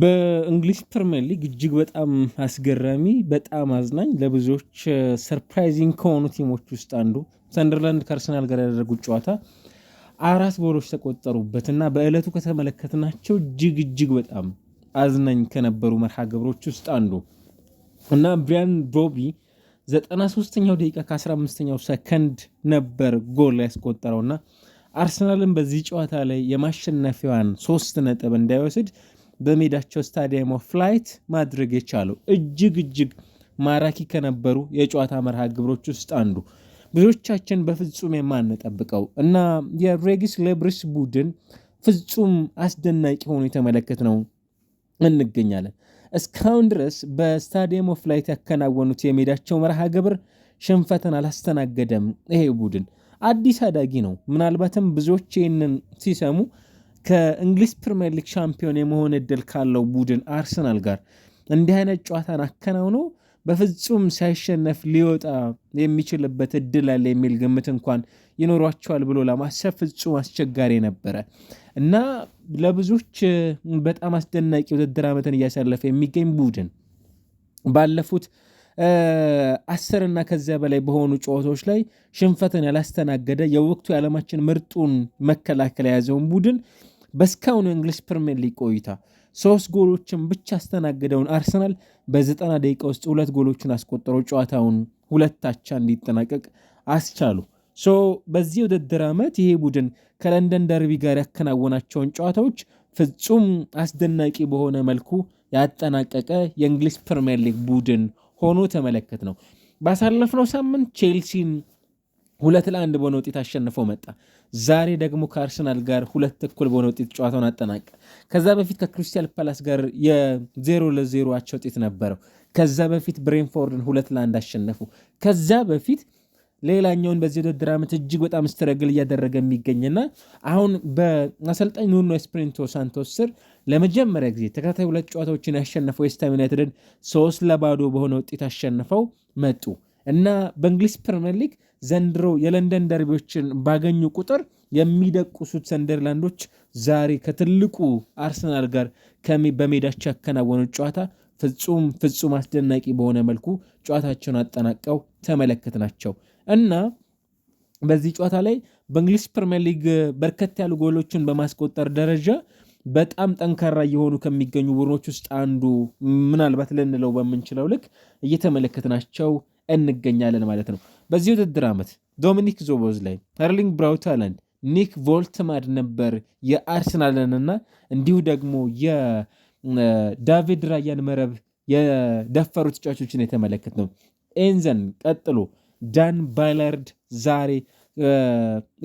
በእንግሊዝ ፕሪምየር ሊግ እጅግ በጣም አስገራሚ በጣም አዝናኝ ለብዙዎች ሰርፕራይዚንግ ከሆኑ ቲሞች ውስጥ አንዱ ሰንደርላንድ ከአርሰናል ጋር ያደረጉት ጨዋታ አራት ጎሎች ተቆጠሩበት እና በዕለቱ ከተመለከትናቸው እጅግ እጅግ በጣም አዝናኝ ከነበሩ መርሃ ግብሮች ውስጥ አንዱ እና ብሪያን ሮቢ 93ኛው ደቂቃ ከ15ኛው ሰከንድ ነበር ጎል እና አርሰናልን በዚህ ጨዋታ ላይ የማሸነፊያዋን ሶስት ነጥብ እንዳይወስድ በሜዳቸው ስታዲየም ኦፍ ላይት ማድረግ የቻለው እጅግ እጅግ ማራኪ ከነበሩ የጨዋታ መርሃ ግብሮች ውስጥ አንዱ ብዙዎቻችን በፍጹም የማንጠብቀው እና የሬጊስ ሌብሪስ ቡድን ፍጹም አስደናቂ ሆኖ የተመለከት ነው እንገኛለን። እስካሁን ድረስ በስታዲየም ኦፍ ላይት ያከናወኑት የሜዳቸው መርሃ ግብር ሽንፈትን አላስተናገደም። ይሄ ቡድን አዲስ አዳጊ ነው። ምናልባትም ብዙዎች ይህንን ሲሰሙ ከእንግሊዝ ፕሪምየር ሊግ ሻምፒዮን የመሆን እድል ካለው ቡድን አርሰናል ጋር እንዲህ አይነት ጨዋታን አከናውኖ በፍጹም ሳይሸነፍ ሊወጣ የሚችልበት እድል አለ የሚል ግምት እንኳን ይኖሯቸዋል ብሎ ለማሰብ ፍጹም አስቸጋሪ ነበረ እና ለብዙዎች በጣም አስደናቂ ውድድር ዓመትን እያሳለፈ የሚገኝ ቡድን ባለፉት አስር እና ከዚያ በላይ በሆኑ ጨዋታዎች ላይ ሽንፈትን ያላስተናገደ የወቅቱ የዓለማችን ምርጡን መከላከል የያዘውን ቡድን በእስካሁኑ የእንግሊዝ ፕሪምየር ሊግ ቆይታ ሶስት ጎሎችን ብቻ ያስተናገደውን አርሰናል በዘጠና ደቂቃ ውስጥ ሁለት ጎሎችን አስቆጠረው ጨዋታውን ሁለታቻ እንዲጠናቀቅ አስቻሉ። ሶ በዚህ ውድድር ዓመት ይሄ ቡድን ከለንደን ደርቢ ጋር ያከናወናቸውን ጨዋታዎች ፍጹም አስደናቂ በሆነ መልኩ ያጠናቀቀ የእንግሊዝ ፕሪምየር ሊግ ቡድን ሆኖ ተመለከት ነው። ባሳለፍነው ሳምንት ቼልሲን ሁለት ለአንድ በሆነ ውጤት አሸንፈው መጣ። ዛሬ ደግሞ ከአርሰናል ጋር ሁለት እኩል በሆነ ውጤት ጨዋታውን አጠናቀ። ከዛ በፊት ከክሪስታል ፓላስ ጋር የዜሮ ለዜሮቸው ውጤት ነበረው። ከዛ በፊት ብሬንፎርድን ሁለት ለአንድ አሸነፉ። ከዛ በፊት ሌላኛውን በዚህ ውድድር ዓመት እጅግ በጣም ስትረግል እያደረገ የሚገኝና አሁን በአሰልጣኝ ኑኖ ኤስፒሪቶ ሳንቶስ ስር ለመጀመሪያ ጊዜ ተከታታይ ሁለት ጨዋታዎችን ያሸነፈው ዌስት ዩናይትድን ሶስት ለባዶ በሆነ ውጤት አሸንፈው መጡ። እና በእንግሊዝ ፕሪምየር ሊግ ዘንድሮ የለንደን ደርቢዎችን ባገኙ ቁጥር የሚደቁሱት ሰንደርላንዶች ዛሬ ከትልቁ አርሰናል ጋር በሜዳቸው ያከናወኑት ጨዋታ ፍጹም ፍጹም አስደናቂ በሆነ መልኩ ጨዋታቸውን አጠናቀው ተመለከት ናቸው እና በዚህ ጨዋታ ላይ በእንግሊዝ ፕሪምየር ሊግ በርከት ያሉ ጎሎችን በማስቆጠር ደረጃ በጣም ጠንካራ እየሆኑ ከሚገኙ ቡድኖች ውስጥ አንዱ ምናልባት ልንለው በምንችለው ልክ እየተመለከትናቸው እንገኛለን ማለት ነው። በዚህ ውድድር ዓመት ዶሚኒክ ዞቦዝ ላይ አርሊንግ ብራውታላንድ ኒክ ቮልትማድ ነበር የአርሰናልንና እንዲሁ ደግሞ የዳቪድ ራያን መረብ የደፈሩ ተጫዋቾችን የተመለከት ነው። ኤንዘን ቀጥሎ ዳን ባይላርድ ዛሬ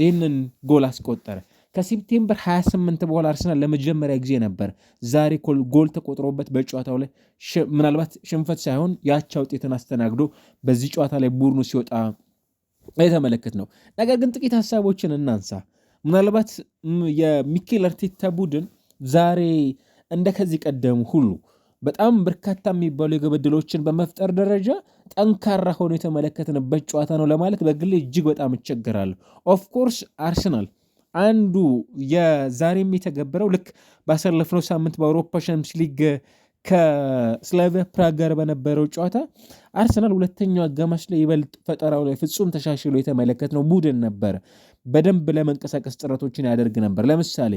ይህንን ጎል አስቆጠረ። ከሴፕቴምበር 28 በኋላ አርሰናል ለመጀመሪያ ጊዜ ነበር ዛሬ ጎል ተቆጥሮበት በጨዋታው ላይ ምናልባት ሽንፈት ሳይሆን ያቻ ውጤትን አስተናግዶ በዚህ ጨዋታ ላይ ቡድኑ ሲወጣ የተመለከት ነው። ነገር ግን ጥቂት ሀሳቦችን እናንሳ። ምናልባት የሚኬል አርቴታ ቡድን ዛሬ እንደ ከዚህ ቀደሙ ሁሉ በጣም በርካታ የሚባሉ የግብ ዕድሎችን በመፍጠር ደረጃ ጠንካራ ሆኖ የተመለከትንበት ጨዋታ ነው ለማለት በግሌ እጅግ በጣም ይቸገራል ኦፍኮርስ አርሰናል አንዱ የዛሬም የተገበረው ልክ ባሳለፍነው ሳምንት በአውሮፓ ሻምፒዮንስ ሊግ ከስላቪያ ፕራግ ጋር በነበረው ጨዋታ አርሰናል ሁለተኛው አጋማሽ ላይ ይበልጥ ፈጠራው ላይ ፍጹም ተሻሽሎ የተመለከትነው ቡድን ነበረ። በደንብ ለመንቀሳቀስ ጥረቶችን ያደርግ ነበር። ለምሳሌ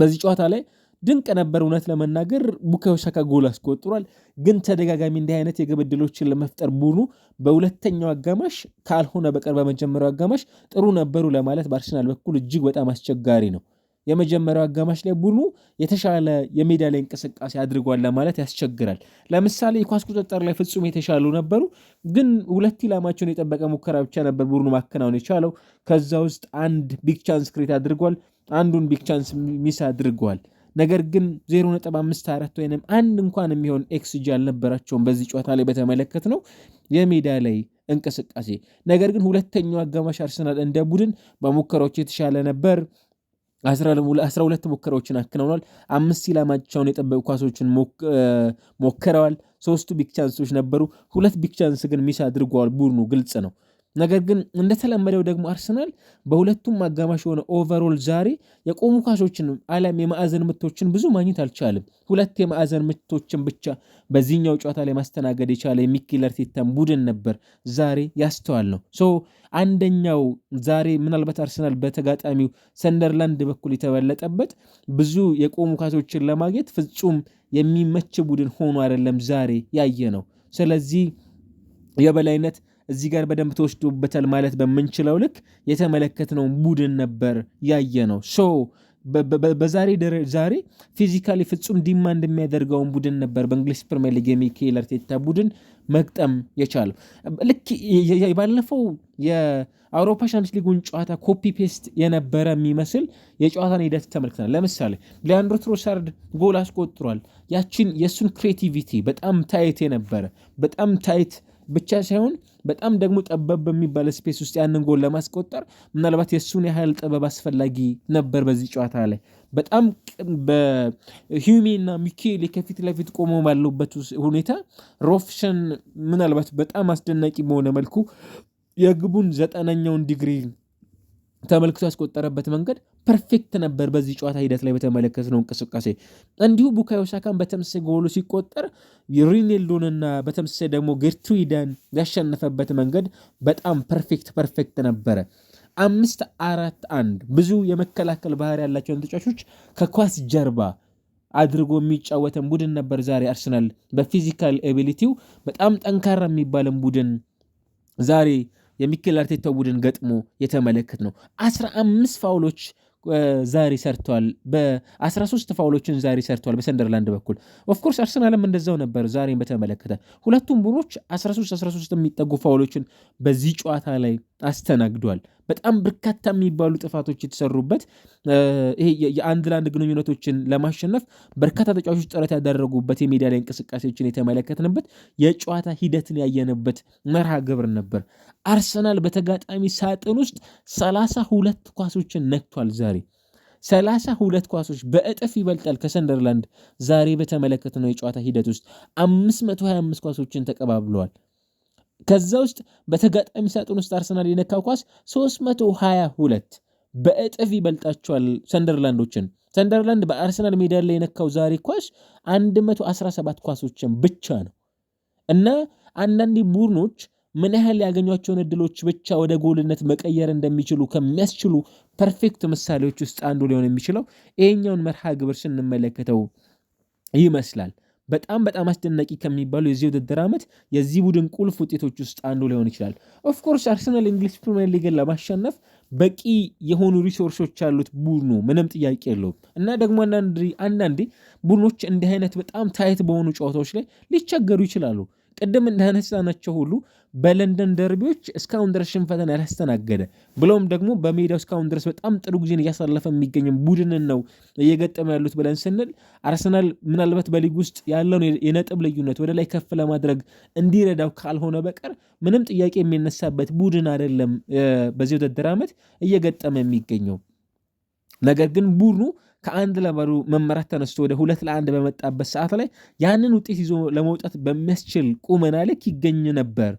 በዚህ ጨዋታ ላይ ድንቅ ነበር። እውነት ለመናገር ቡካዮ ሳካ ጎል አስቆጥሯል። ግን ተደጋጋሚ እንዲህ አይነት የግብ ዕድሎችን ለመፍጠር ቡድኑ በሁለተኛው አጋማሽ ካልሆነ በቀር በመጀመሪያው አጋማሽ ጥሩ ነበሩ ለማለት በአርሰናል በኩል እጅግ በጣም አስቸጋሪ ነው። የመጀመሪያው አጋማሽ ላይ ቡድኑ የተሻለ የሜዳ ላይ እንቅስቃሴ አድርጓል ለማለት ያስቸግራል። ለምሳሌ የኳስ ቁጥጥር ላይ ፍጹም የተሻሉ ነበሩ፣ ግን ሁለት ኢላማቸውን የጠበቀ ሙከራ ብቻ ነበር ቡድኑ ማከናወን የቻለው። ከዛ ውስጥ አንድ ቢግ ቻንስ ክሬት አድርጓል፣ አንዱን ቢግ ቻንስ ሚስ አድርጓል። ነገር ግን 0.54 ወይም አንድ እንኳን የሚሆን ኤክስጂ አልነበራቸውም በዚህ ጨዋታ ላይ በተመለከት ነው የሜዳ ላይ እንቅስቃሴ። ነገር ግን ሁለተኛው አጋማሽ አርሰናል እንደ ቡድን በሙከራዎች የተሻለ ነበር። 12 ሙከራዎችን አክነውናል። አምስት ኢላማቸውን የጠበቁ ኳሶችን ሞክረዋል። ሶስቱ ቢግ ቻንሶች ነበሩ። ሁለት ቢግ ቻንስ ግን ሚስ አድርገዋል። ቡድኑ ግልጽ ነው። ነገር ግን እንደተለመደው ደግሞ አርሰናል በሁለቱም አጋማሽ የሆነ ኦቨሮል ዛሬ የቆሙ ኳሶችን አለም የማዕዘን ምቶችን ብዙ ማግኘት አልቻለም። ሁለት የማዕዘን ምቶችን ብቻ በዚህኛው ጨዋታ ላይ ማስተናገድ የቻለ የሚኬል አርቴታን ቡድን ነበር ዛሬ ያስተዋል ነው። ሶ አንደኛው ዛሬ ምናልባት አርሰናል በተጋጣሚው ሰንደርላንድ በኩል የተበለጠበት ብዙ የቆሙ ኳሶችን ለማግኘት ፍጹም የሚመች ቡድን ሆኖ አይደለም ዛሬ ያየ ነው። ስለዚህ የበላይነት እዚህ ጋር በደንብ ተወስዶበታል ማለት በምንችለው ልክ የተመለከትነውን ቡድን ነበር ያየ ነው። ሶ በዛሬ ዛሬ ፊዚካሊ ፍጹም ዲማንድ የሚያደርገውን ቡድን ነበር በእንግሊዝ ፕሪሚየር ሊግ የሚካኤል አርቴታ ቡድን መግጠም የቻለው። ልክ ባለፈው የአውሮፓ ሻምፒዮንስ ሊጉን ጨዋታ ኮፒ ፔስት የነበረ የሚመስል የጨዋታን ሂደት ተመልክተናል። ለምሳሌ ሊያንድሮ ትሮሳርድ ጎል አስቆጥሯል። ያችን የእሱን ክሬቲቪቲ በጣም ታይት የነበረ በጣም ታይት ብቻ ሳይሆን በጣም ደግሞ ጠበብ በሚባል ስፔስ ውስጥ ያንን ጎል ለማስቆጠር ምናልባት የእሱን ያህል ጥበብ አስፈላጊ ነበር። በዚህ ጨዋታ ላይ በጣም በሂሜ እና ሚኬል ከፊት ለፊት ቆመው ባሉበት ሁኔታ ሮፍሸን ምናልባት በጣም አስደናቂ በሆነ መልኩ የግቡን ዘጠነኛውን ዲግሪ ተመልክቶ ያስቆጠረበት መንገድ ፐርፌክት ነበር። በዚህ ጨዋታ ሂደት ላይ ነው እንቅስቃሴ እንዲሁ ቡካዮ ሳካን በተመሳሳይ ጎሉ ሲቆጠር ሪኔልዶንና በተመሳሳይ ደግሞ ጌርትሩዳን ያሸነፈበት መንገድ በጣም ፐርፌክት ፐርፌክት ነበረ። አምስት አራት አንድ ብዙ የመከላከል ባህር ያላቸውን ተጫዋቾች ከኳስ ጀርባ አድርጎ የሚጫወተን ቡድን ነበር። ዛሬ አርሰናል በፊዚካል ኤቢሊቲው በጣም ጠንካራ የሚባለን ቡድን ዛሬ የሚኬል አርቴታ ቡድን ገጥሞ የተመለከት ነው። 15 ፋውሎች ዛሬ ሰርተዋል። በ13 ፋውሎችን ዛሬ ሰርተዋል በሰንደርላንድ በኩል ኦፍኮርስ አርሰናልም እንደዛው ነበር። ዛሬን በተመለከተ ሁለቱም ቡድኖች 13 13 የሚጠጉ ፋውሎችን በዚህ ጨዋታ ላይ አስተናግዷል። በጣም በርካታ የሚባሉ ጥፋቶች የተሰሩበት ይሄ የአንድ ለአንድ ግንኙነቶችን ለማሸነፍ በርካታ ተጫዋቾች ጥረት ያደረጉበት የሜዳ ላይ እንቅስቃሴዎችን የተመለከትንበት የጨዋታ ሂደትን ያየንበት መርሃ ግብር ነበር። አርሰናል በተጋጣሚ ሳጥን ውስጥ ሰላሳ ሁለት ኳሶችን ነክቷል ዛሬ ሰላሳ ሁለት ኳሶች በእጥፍ ይበልጣል ከሰንደርላንድ ዛሬ በተመለከትነው የጨዋታ ሂደት ውስጥ 525 ኳሶችን ተቀባብለዋል። ከዛ ውስጥ በተጋጣሚ ሳጥን ውስጥ አርሰናል የነካው ኳስ 322 በእጥፍ ይበልጣቸዋል ሰንደርላንዶችን። ሰንደርላንድ በአርሰናል ሜዳ ላይ የነካው ዛሬ ኳስ 117 ኳሶችን ብቻ ነው እና አንዳንድ ቡድኖች ምን ያህል ያገኟቸውን እድሎች ብቻ ወደ ጎልነት መቀየር እንደሚችሉ ከሚያስችሉ ፐርፌክት ምሳሌዎች ውስጥ አንዱ ሊሆን የሚችለው ይሄኛውን መርሃ ግብር ስንመለከተው ይመስላል። በጣም በጣም አስደናቂ ከሚባሉ የዚህ ውድድር ዓመት የዚህ ቡድን ቁልፍ ውጤቶች ውስጥ አንዱ ሊሆን ይችላል። ኦፍኮርስ አርሰናል እንግሊዝ ፕሪሚየር ሊግን ለማሸነፍ በቂ የሆኑ ሪሶርሶች ያሉት ቡድኑ ምንም ጥያቄ የለውም እና ደግሞ አንዳንዴ ቡድኖች እንዲህ አይነት በጣም ታይት በሆኑ ጨዋታዎች ላይ ሊቸገሩ ይችላሉ። ቅድም እንዳነሳናቸው ሁሉ በለንደን ደርቢዎች እስካሁን ድረስ ሽንፈትን ያላስተናገደ ብለውም ደግሞ በሜዳው እስካሁን ድረስ በጣም ጥሩ ጊዜን እያሳለፈ የሚገኝም ቡድንን ነው እየገጠመ ያሉት ብለን ስንል አርሰናል ምናልባት በሊግ ውስጥ ያለውን የነጥብ ልዩነት ወደ ላይ ከፍ ለማድረግ እንዲረዳው ካልሆነ በቀር ምንም ጥያቄ የሚነሳበት ቡድን አይደለም በዚህ ውድድር ዓመት እየገጠመ የሚገኘው ነገር ግን ቡድኑ ከአንድ ለባዶ መመራት ተነስቶ ወደ ሁለት ለአንድ በመጣበት ሰዓት ላይ ያንን ውጤት ይዞ ለመውጣት በሚያስችል ቁመና ልክ ይገኝ ነበር።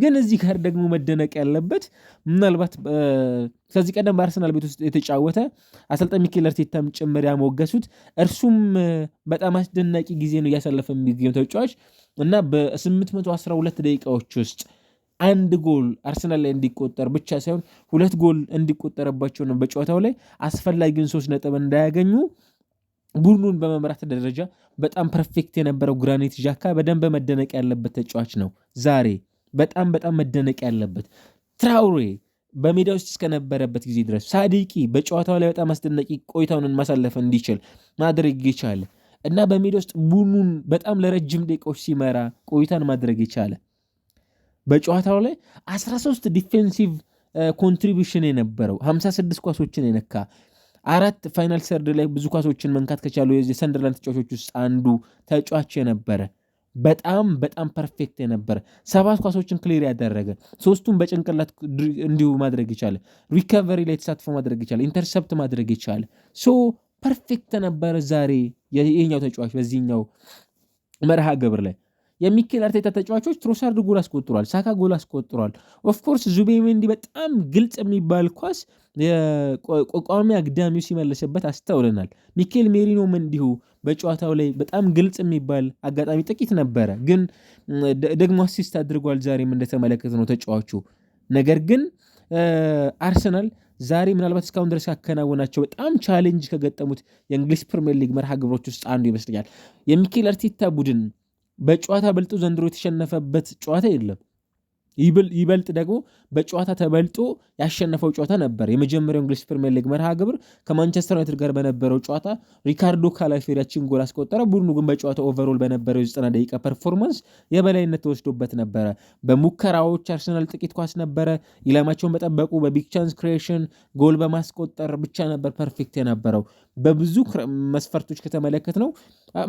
ግን እዚህ ጋር ደግሞ መደነቅ ያለበት ምናልባት ከዚህ ቀደም በአርሰናል ቤት ውስጥ የተጫወተ አሰልጣኝ ሚኬል አርቴታም ጭምር ያሞገሱት እርሱም በጣም አስደናቂ ጊዜ ነው እያሳለፈ የሚገኘው ተጫዋች እና በ812 ደቂቃዎች ውስጥ አንድ ጎል አርሰናል ላይ እንዲቆጠር ብቻ ሳይሆን ሁለት ጎል እንዲቆጠረባቸው ነው በጨዋታው ላይ አስፈላጊውን ሶስት ነጥብ እንዳያገኙ ቡድኑን በመምራት ደረጃ በጣም ፐርፌክት የነበረው ግራኒት ዣካ በደንብ መደነቅ ያለበት ተጫዋች ነው። ዛሬ በጣም በጣም መደነቅ ያለበት ትራውሬ በሜዳ ውስጥ እስከነበረበት ጊዜ ድረስ ሳዲቂ በጨዋታው ላይ በጣም አስደናቂ ቆይታውን ማሳለፍ እንዲችል ማድረግ የቻለ እና በሜዳ ውስጥ ቡኑን በጣም ለረጅም ደቂቃዎች ሲመራ ቆይታን ማድረግ የቻለ በጨዋታው ላይ 13 ዲፌንሲቭ ኮንትሪቢሽን የነበረው 56 ኳሶችን የነካ አራት ፋይናል ሰርድ ላይ ብዙ ኳሶችን መንካት ከቻሉ የሰንደርላንድ ተጫዋቾች ውስጥ አንዱ ተጫዋች የነበረ በጣም በጣም ፐርፌክት የነበረ ሰባት ኳሶችን ክሊር ያደረገ ሶስቱን በጭንቅላት እንዲሁ ማድረግ ይቻለ፣ ሪከቨሪ ላይ ተሳትፎ ማድረግ ይቻለ፣ ኢንተርሰፕት ማድረግ ይቻለ። ሶ ፐርፌክት ነበረ ዛሬ የኛው ተጫዋች በዚህኛው መርሃ ግብር ላይ የሚኬል አርቴታ ተጫዋቾች ትሮሳርድ ጎል አስቆጥሯል፣ ሳካ ጎል አስቆጥሯል። ኦፍኮርስ ዙቤሜንዲ በጣም ግልጽ የሚባል ኳስ ቋሚ አግዳሚው ሲመለስበት አስተውለናል። ሚኬል ሜሪኖም እንዲሁ በጨዋታው ላይ በጣም ግልጽ የሚባል አጋጣሚ ጥቂት ነበረ፣ ግን ደግሞ አሲስት አድርጓል። ዛሬም እንደተመለከት ነው ተጫዋቹ። ነገር ግን አርሰናል ዛሬ ምናልባት እስካሁን ድረስ ካከናወናቸው በጣም ቻሌንጅ ከገጠሙት የእንግሊዝ ፕሪምየር ሊግ መርሃ ግብሮች ውስጥ አንዱ ይመስለኛል። የሚኬል አርቴታ ቡድን በጨዋታ በልጦ ዘንድሮ የተሸነፈበት ጨዋታ የለም። ይበልጥ ደግሞ በጨዋታ ተበልጦ ያሸነፈው ጨዋታ ነበር። የመጀመሪያው እንግሊዝ ፕሪሚየር ሊግ መርሃ ግብር ከማንቸስተር ዩናይትድ ጋር በነበረው ጨዋታ ሪካርዶ ካላፌሪያችን ጎል አስቆጠረ። ቡድኑ ግን በጨዋታ ኦቨሮል በነበረው የ ደቂቃ ፐርፎርማንስ የበላይነት ተወስዶበት ነበረ። በሙከራዎች አርሰናል ጥቂት ኳስ ነበረ ኢላማቸውን በጠበቁ በቢግ ቻንስ ክሪኤሽን ጎል በማስቆጠር ብቻ ነበር ፐርፌክት የነበረው። በብዙ መስፈርቶች ከተመለከት ነው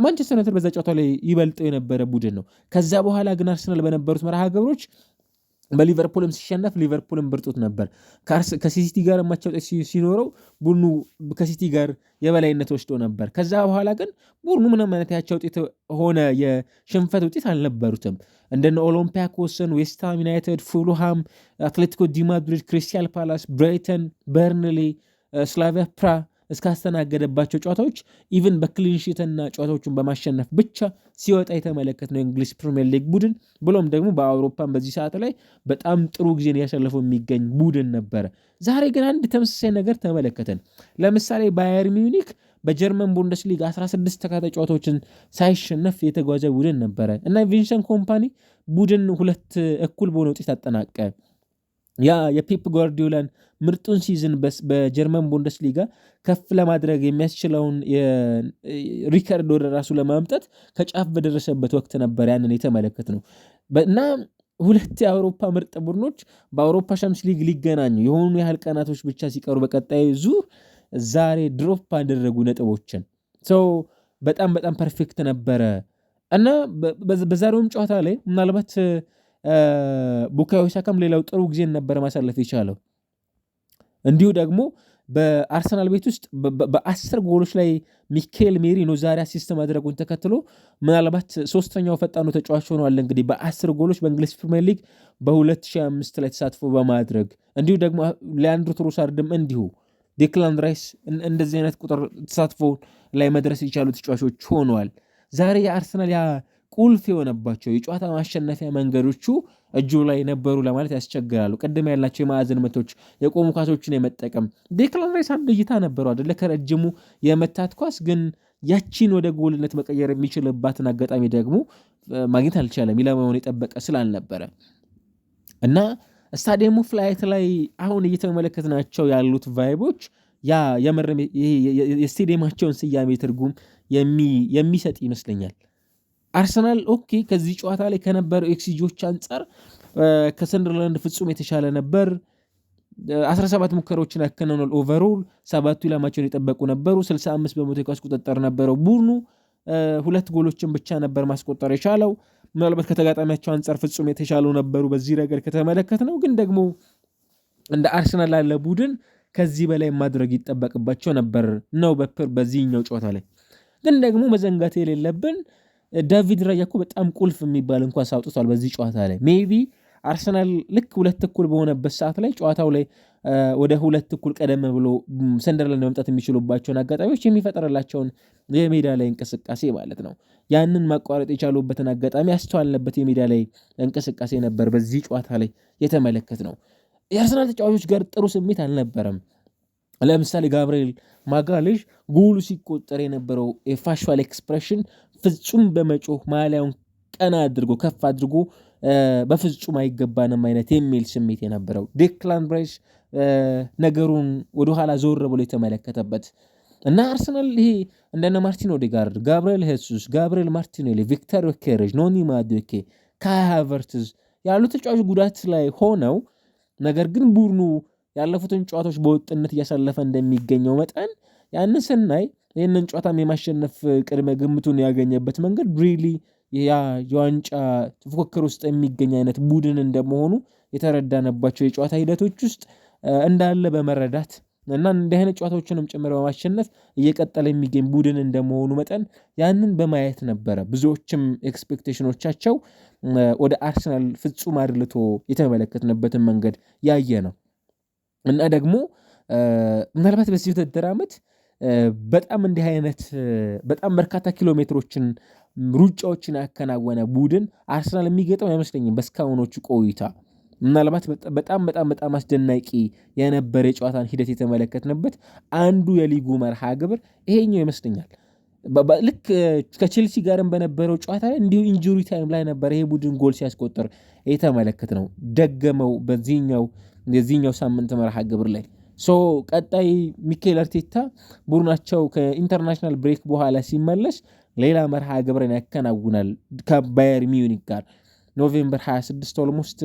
ማንቸስተር ዩናይትድ በዛ ጨዋታ ላይ ይበልጠው የነበረ ቡድን ነው። ከዛ በኋላ ግን አርሰናል በነበሩት መርሃ ግብሮች በሊቨርፑልም ሲሸነፍ ሊቨርፑልም ብርጡት ነበር። ከሲቲ ጋር የማቸው ሲኖረው ቡድኑ ከሲቲ ጋር የበላይነት ወስዶ ነበር። ከዛ በኋላ ግን ቡድኑ ምንም አይነት ያቻ ውጤት ሆነ የሽንፈት ውጤት አልነበሩትም። እንደነ ኦሎምፒያኮስን፣ ዌስትሃም ዩናይትድ፣ ፉልሃም፣ አትሌቲኮ ዲማድሪድ፣ ክሪስታል ፓላስ፣ ብራይተን፣ በርንሌ፣ ስላቪያ ፕራ እስካስተናገደባቸው ጨዋታዎች ኢቭን በክሊንሽትና ጨዋታዎቹን በማሸነፍ ብቻ ሲወጣ ነው የእንግሊዝ ፕሪምየር ሊግ ቡድን ብሎም ደግሞ በአውሮፓን በዚህ ሰዓት ላይ በጣም ጥሩ ጊዜን እያሸለፈው የሚገኝ ቡድን ነበረ። ዛሬ ግን አንድ ተመሳሳይ ነገር ተመለከትን። ለምሳሌ ባየር ሚዩኒክ በጀርመን ሊግ 16 ተከታታይ ጨዋታዎችን ሳይሸነፍ የተጓዘ ቡድን ነበረ እና ቪንሰንት ኮምፓኒ ቡድን ሁለት እኩል በሆነ ውጤት አጠናቀ። ያ የፔፕ ጓርዲዮላን ምርጡን ሲዝን በጀርመን ቡንደስሊጋ ከፍ ለማድረግ የሚያስችለውን ሪከርድ ወደ ራሱ ለማምጣት ከጫፍ በደረሰበት ወቅት ነበር ያንን የተመለከት ነው እና ሁለት የአውሮፓ ምርጥ ቡድኖች በአውሮፓ ሻምስ ሊግ ሊገናኙ የሆኑ ያህል ቀናቶች ብቻ ሲቀሩ በቀጣይ ዙር ዛሬ ድሮፕ አደረጉ ነጥቦችን። ሰው በጣም በጣም ፐርፌክት ነበረ እና በዛሬውም ጨዋታ ላይ ምናልባት ቡካዮ ሳካም ሌላው ጥሩ ጊዜን ነበረ ማሳለፍ የቻለው። እንዲሁ ደግሞ በአርሰናል ቤት ውስጥ በአስር ጎሎች ላይ ሚካኤል ሜሪኖ ዛሬ አሲስት ማድረጉን ተከትሎ ምናልባት ሶስተኛው ፈጣኑ ተጫዋች ሆኗል። እንግዲህ በአስር ጎሎች በእንግሊዝ ፕሪምየር ሊግ በ2005 ላይ ተሳትፎ በማድረግ እንዲሁ ደግሞ ሊያንድሮ ትሮሳርድም እንዲሁ ዴክላን ራይስ እንደዚህ አይነት ቁጥር ተሳትፎ ላይ መድረስ የቻሉ ተጫዋቾች ሆነዋል። ዛሬ የአርሰናል ያ ቁልፍ የሆነባቸው የጨዋታ ማሸነፊያ መንገዶቹ እጁ ላይ ነበሩ ለማለት ያስቸግራሉ። ቅድም ያላቸው የማዕዘን ምቶች፣ የቆሙ ኳሶችን የመጠቀም ዴክላን ራይስ አንድ እይታ ነበሩ አደለ? ከረጅሙ የመታት ኳስ ግን ያቺን ወደ ጎልነት መቀየር የሚችልባትን አጋጣሚ ደግሞ ማግኘት አልቻለም። ኢላማውን የጠበቀ ስላልነበረ እና ስታዲየሙ ፍላይት ላይ አሁን እየተመለከትናቸው ያሉት ቫይቦች ያ የስቴዲየማቸውን ስያሜ ትርጉም የሚሰጥ ይመስለኛል። አርሰናል ኦኬ ከዚህ ጨዋታ ላይ ከነበረው ኤክስጂዎች አንጻር ከሰንደርላንድ ፍጹም የተሻለ ነበር። 17 ሙከራዎችን ያከናውናል። ኦቨሮል ሰባቱ ኢላማቸውን የጠበቁ ነበሩ። 65 በመቶ የኳስ ቁጥጥር ነበረው ቡድኑ። ሁለት ጎሎችን ብቻ ነበር ማስቆጠር የቻለው። ምናልባት ከተጋጣሚያቸው አንጻር ፍጹም የተሻሉ ነበሩ በዚህ ረገድ ከተመለከት ነው። ግን ደግሞ እንደ አርሰናል ያለ ቡድን ከዚህ በላይ ማድረግ ይጠበቅባቸው ነበር ነው በፕር በዚህኛው ጨዋታ ላይ ግን ደግሞ መዘንጋት የሌለብን ዳቪድ ራያ እኮ በጣም ቁልፍ የሚባል እንኳን ሳውጥቷል በዚህ ጨዋታ ላይ ሜቢ አርሰናል ልክ ሁለት እኩል በሆነበት ሰዓት ላይ ጨዋታው ላይ ወደ ሁለት እኩል ቀደም ብሎ ሰንደርላንድ መምጣት የሚችሉባቸውን አጋጣሚዎች የሚፈጠርላቸውን የሜዳ ላይ እንቅስቃሴ ማለት ነው ያንን ማቋረጥ የቻሉበትን አጋጣሚ ያስተዋልንበት የሜዳ ላይ እንቅስቃሴ ነበር በዚህ ጨዋታ ላይ የተመለከት ነው። የአርሰናል ተጫዋቾች ጋር ጥሩ ስሜት አልነበረም። ለምሳሌ ጋብርኤል ማጋሌዥ ጎሉ ሲቆጠር የነበረው የፋሽል ኤክስፕሬሽን ፍጹም በመጮህ ማሊያውን ቀና አድርጎ ከፍ አድርጎ በፍጹም አይገባንም አይነት የሚል ስሜት የነበረው ዴክላን ራይስ ነገሩን ወደኋላ ዞር ብሎ የተመለከተበት እና አርሰናል ይሄ እንደነ ማርቲን ኦዴጋርድ፣ ጋብርኤል ሄሱስ፣ ጋብርኤል ማርቲኔሊ፣ ቪክተር ኬሬጅ፣ ኖኒ ማዱኬ፣ ካይ ሃቨርትዝ ያሉ ተጫዋች ጉዳት ላይ ሆነው ነገር ግን ቡድኑ ያለፉትን ጨዋታዎች በወጥነት እያሳለፈ እንደሚገኘው መጠን ያንን ስናይ ይህንን ጨዋታም የማሸነፍ ቅድመ ግምቱን ያገኘበት መንገድ ሪሊ ያ የዋንጫ ፉክክር ውስጥ የሚገኝ አይነት ቡድን እንደመሆኑ የተረዳነባቸው የጨዋታ ሂደቶች ውስጥ እንዳለ በመረዳት እና እንዲህ አይነት ጨዋታዎችንም ጭምር በማሸነፍ እየቀጠለ የሚገኝ ቡድን እንደመሆኑ መጠን ያንን በማየት ነበረ ብዙዎችም ኤክስፔክቴሽኖቻቸው ወደ አርሰናል ፍጹም አድልቶ የተመለከትንበትን መንገድ ያየ ነው እና ደግሞ ምናልባት በዚህ ውድድር ዓመት በጣም እንዲህ አይነት በጣም በርካታ ኪሎ ሜትሮችን ሩጫዎችን ያከናወነ ቡድን አርሰናል የሚገጥም አይመስለኝም። በእስካሁኖቹ ቆይታ ምናልባት በጣም በጣም በጣም አስደናቂ የነበረ የጨዋታን ሂደት የተመለከትንበት አንዱ የሊጉ መርሃ ግብር ይሄኛው ይመስለኛል። ልክ ከቼልሲ ጋርም በነበረው ጨዋታ ላይ እንዲሁ ኢንጁሪ ታይም ላይ ነበረ ይሄ ቡድን ጎል ሲያስቆጥር የተመለከት ነው። ደገመው በዚህኛው የዚህኛው ሳምንት መርሃ ግብር ላይ ሶ ቀጣይ ሚኬል አርቴታ ቡድናቸው ከኢንተርናሽናል ብሬክ በኋላ ሲመለስ ሌላ መርሃ ግብርን ያከናውናል ከባየር ሚዩኒክ ጋር ኖቬምበር 26 ኦልሞስት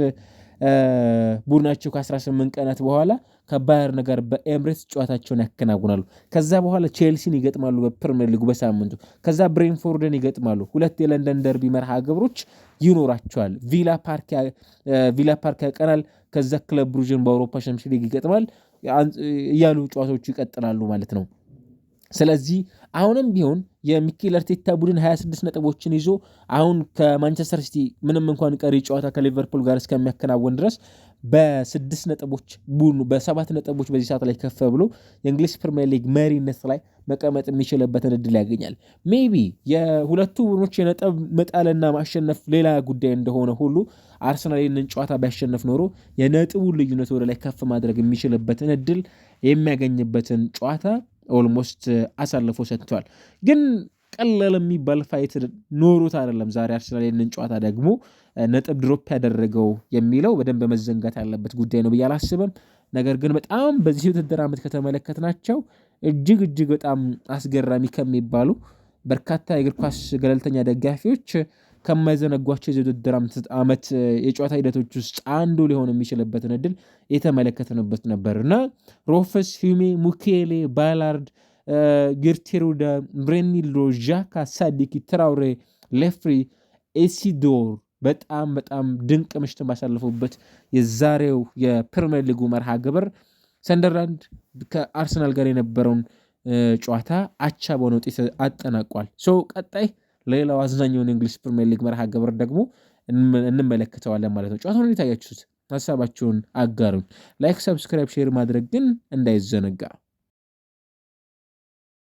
ቡድናቸው ከ18 ቀናት በኋላ ከባየርን ጋር በኤምሬትስ ጨዋታቸውን ያከናውናሉ። ከዛ በኋላ ቼልሲን ይገጥማሉ በፕሪሚየር ሊጉ በሳምንቱ ከዛ ብሬንፎርድን ይገጥማሉ። ሁለት የለንደን ደርቢ መርሃ ግብሮች ይኖራቸዋል። ቪላ ፓርክ ያቀናል። ከዛ ክለብ ብሩጅን በአውሮፓ ሻምፒዮንስ ሊግ ይገጥማል። እያሉ ጨዋታዎቹ ይቀጥላሉ ማለት ነው። ስለዚህ አሁንም ቢሆን የሚኬል አርቴታ ቡድን 26 ነጥቦችን ይዞ አሁን ከማንቸስተር ሲቲ ምንም እንኳን ቀሪ ጨዋታ ከሊቨርፑል ጋር እስከሚያከናወን ድረስ በስድስት ነጥቦች ቡድኑ በሰባት ነጥቦች በዚህ ሰዓት ላይ ከፍ ብሎ የእንግሊዝ ፕሪምየር ሊግ መሪነት ላይ መቀመጥ የሚችልበትን እድል ያገኛል። ሜቢ የሁለቱ ቡድኖች የነጥብ መጣልና ማሸነፍ ሌላ ጉዳይ እንደሆነ ሁሉ አርሰናል ይህንን ጨዋታ ቢያሸነፍ ኖሮ የነጥቡ ልዩነት ወደ ላይ ከፍ ማድረግ የሚችልበትን እድል የሚያገኝበትን ጨዋታ ኦልሞስት አሳልፎ ሰጥተዋል። ግን ቀለል የሚባል ፋይት ኖሮት አይደለም ዛሬ አርሰናል ይህንን ጨዋታ ደግሞ ነጥብ ድሮፕ ያደረገው የሚለው በደንብ መዘንጋት ያለበት ጉዳይ ነው ብዬ አላስብም። ነገር ግን በጣም በዚህ የውድድር ዓመት ከተመለከትናቸው እጅግ እጅግ በጣም አስገራሚ ከሚባሉ በርካታ የእግር ኳስ ገለልተኛ ደጋፊዎች ከማይዘነጓቸው የውድድር ዓመት የጨዋታ ሂደቶች ውስጥ አንዱ ሊሆን የሚችልበትን እድል የተመለከትንበት ነበር እና ሮፈስ ሂሜ፣ ሙኬሌ ባላርድ፣ ጌርቴሩዳ፣ ብሬኒሎ፣ ዣካ፣ ሳዲኪ፣ ትራውሬ፣ ሌፍሪ፣ ኤሲዶር በጣም በጣም ድንቅ ምሽትን ባሳለፉበት የዛሬው የፕሪምየር ሊጉ መርሃ ግብር ሰንደርላንድ ከአርሰናል ጋር የነበረውን ጨዋታ አቻ በሆነ ውጤት አጠናቋል። ሶ ቀጣይ ሌላው አዝናኛውን እንግሊዝ ፕሪሚየር ሊግ መርሃ ግብር ደግሞ እንመለከተዋለን ማለት ነው። ጨዋታውን እንዴት አያችሁት? ሀሳባችሁን አጋሩኝ። ላይክ፣ ሰብስክራይብ፣ ሼር ማድረግ ግን እንዳይዘነጋ